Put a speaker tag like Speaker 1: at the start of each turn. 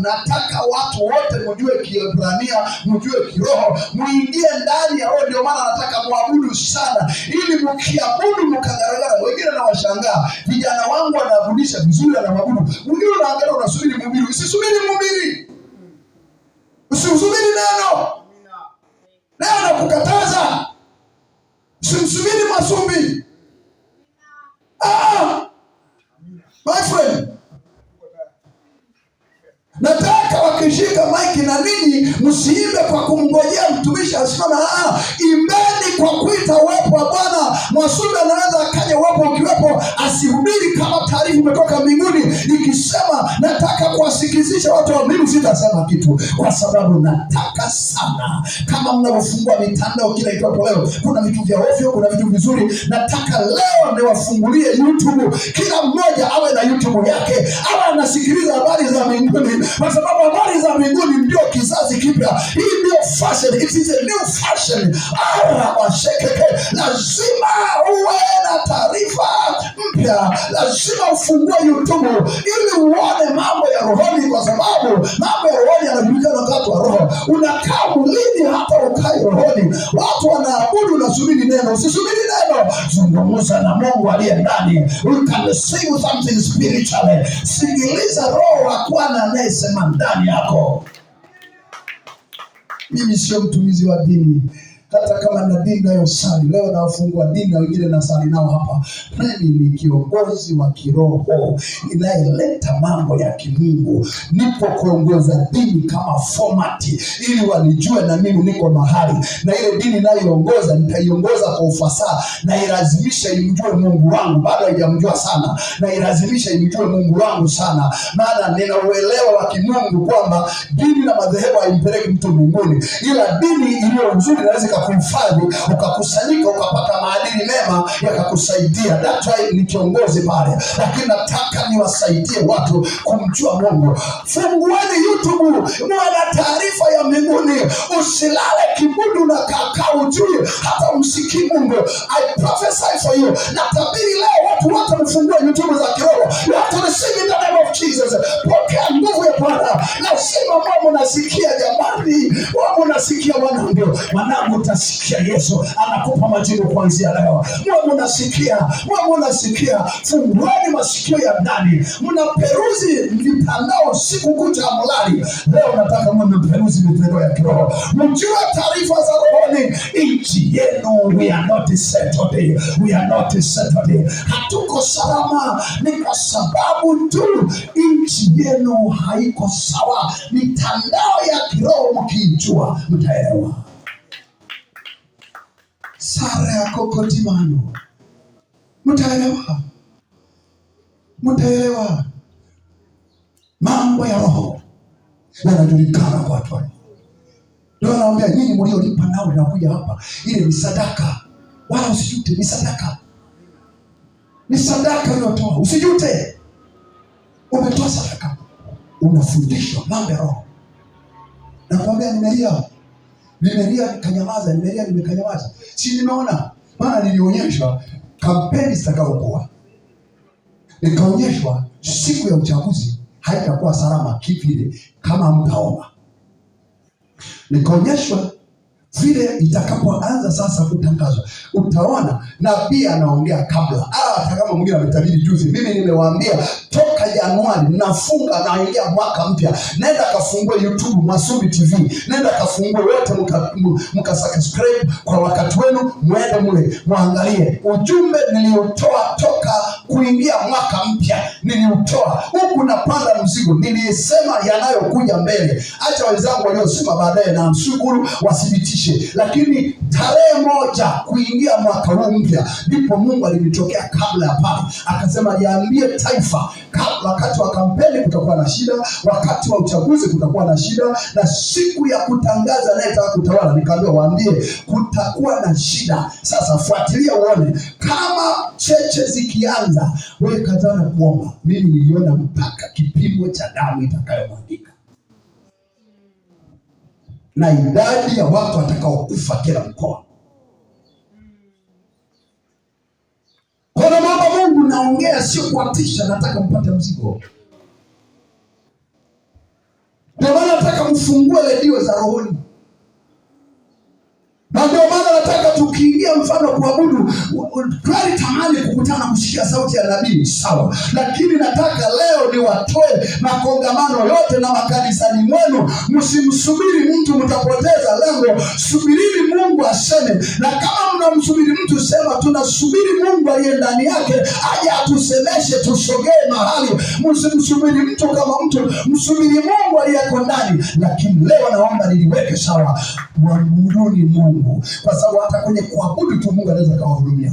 Speaker 1: nataka watu wote mjue Kiebrania, mjue kiroho, muingie ndani ya roho. Ndio maana nataka muabudu sana, ili mkiabudu mkagaragara. Wengine nawashangaa vijana wangu wanafundisha vizuri, mabudu mwingine, unaangalia unasubiri mhubiri. Usisubiri mhubiri, usisubiri neno, neno nakukataza, usimsubiri masumbi na ninyi msiimbe kwa kumngojea mtumishi asimama. Ah, imbeni kwa kuita uwepo wa Bwana. Mwasuli anaweza akaja uwepo ukiwepo, asihubiri kama taarifa imetoka mbinguni ikisema nata nataka kuwasikilizisha watu wa mimi, sitasema kitu kwa sababu nataka sana, kama mnavyofungua mitandao kila itwapo leo, kuna vitu vya ovyo, kuna vitu vizuri. Nataka leo niwafungulie YouTube, kila mmoja awe na YouTube yake, awe anasikiliza habari za mbinguni, kwa sababu habari za mbinguni ndio kizazi kipya. Hii ndio fashion, it is a new fashion. Ara washekeke, lazima uwe na taarifa moja lazima ufungue YouTube ili uone mambo ya rohoni, kwa sababu mambo ya rohoni yanajulikana wakati wa roho. Unakaa ulini hapa ukai rohoni, watu wanaabudu, unasubiri neno. Usisubiri neno, zungumza na Mungu aliye ndani. You can sing something spiritually. Sikiliza roho wa Bwana anayesema ndani yako. Mimi sio mtumizi wa dini hata kama na dini nayosali leo, nawafungua dini na wengine sali nao hapa. Mimi ni kiongozi wa kiroho inayeleta mambo ya kimungu? Nipo kuongoza dini kama fomati, ili walijue na mimi niko mahali na ile dini inayoongoza, nitaiongoza kwa ufasaha na ilazimisha imjue Mungu wangu, bado haijamjua sana, na ilazimisha imjue Mungu wangu sana, maana nina uelewa wa kimungu kwamba dini na madhehebu haimpeleki mtu mbinguni, ila dini iliyo nzuri inaweza akakuhifadhi ukakusanyika ukapata maadili mema yakakusaidia. That's ni kiongozi pale, lakini nataka niwasaidie watu kumjua Mungu. Fungueni YouTube, muwe na taarifa ya mbinguni. Usilale kibudu na kaka ujui hata msiki Mungu. I prophesy for you, leo watu wote wamefungua YouTube za kiroho, you receive the name of Jesus. Pokea nguvu ya Bwana lazima kwa munasikia jamani, kwa munasikia wanangu, wanangu, utasikia Yesu anakupa majibu kuanzia leo. Kwa munasikia, kwa munasikia, fungueni masikio ya ndani. Mnaperuzi mitandao siku kucha mlali, leo nataka mwe mnaperuzi mitandao ya kiroho, mjue taarifa za rohoni. Nchi yenu we are not settled, we are not settled, hatuko salama, ni kwa sababu tu nchi yenu haiko sawa mitandao ya kiroho mkiijua, mtaelewa. Sara ya kokotimano, mtaelewa, mtaelewa. Mambo ya roho yanajulikana kwa watu ndio naambia nyinyi mliolipa nao nakuja hapa, ile ni sadaka, wala usijute. Ni sadaka, ni sadaka uliotoa, usijute, umetoa sadaka unafundishwa mambo ya roho. Nakwambia, nimelia nimelia nikanyamaza, nimelia nimekanyamaza, si nimeona, maana nilionyeshwa kampeni zitakaokuwa, nikaonyeshwa siku ya uchaguzi haitakuwa salama kivile kama mtaomba, nikaonyeshwa vile itakapoanza sasa kutangazwa, utaona. Na pia anaongea kabla, hata kama mwingine ametabiri juzi, mimi nimewaambia mpaka Januari nafunga naingia mwaka mpya. naenda kafungue YouTube Masubi TV, nenda kafungue wote, mkasubscribe kwa wakati wenu, mwende mule mwangalie ujumbe niliotoa toka kuingia mwaka mpya, niliutoa huku napanda mzigo, nilisema yanayokuja mbele. Acha wenzangu waliosema baadaye na mshukuru wathibitishe, lakini tarehe moja kuingia mwaka huu mpya ndipo Mungu alinitokea kabla ya pale, akasema niambie taifa kabla Wakati wa kampeni kutakuwa na shida, wakati wa uchaguzi kutakuwa na shida, na siku ya kutangaza anayetaka kutawala, nikaambiwa waambie kutakuwa na shida. Sasa fuatilia uone, kama cheche zikianza, wewe kazana kuomba. Mimi niliona mpaka kipimo cha damu itakayomwagika na idadi ya watu watakaokufa kila mkoa naongea sio kuatisha, nataka mpate mzigo. Ndio maana nataka mfungue redio za rohoni, na ndio maana nataka tukiingia mfano kuabudu, twali tamani kukutana kusikia sauti ya nabii, sawa, lakini nataka leo niwatoe makongamano yote na makanisani mwenu. Msimsubiri mtu, mtapoteza lengo. Subirini Mungu aseme, na kama msubiri mtu, sema tunasubiri Mungu aliye ndani yake aje atusemeshe tusogee mahali. Msimsubiri mtu kama mtu, msubiri Mungu aliyeko ndani. Lakini leo naomba niliweke sawa, mwabuduni Mungu kwa sababu hata kwenye kuabudu tu Mungu anaweza akawahudumia.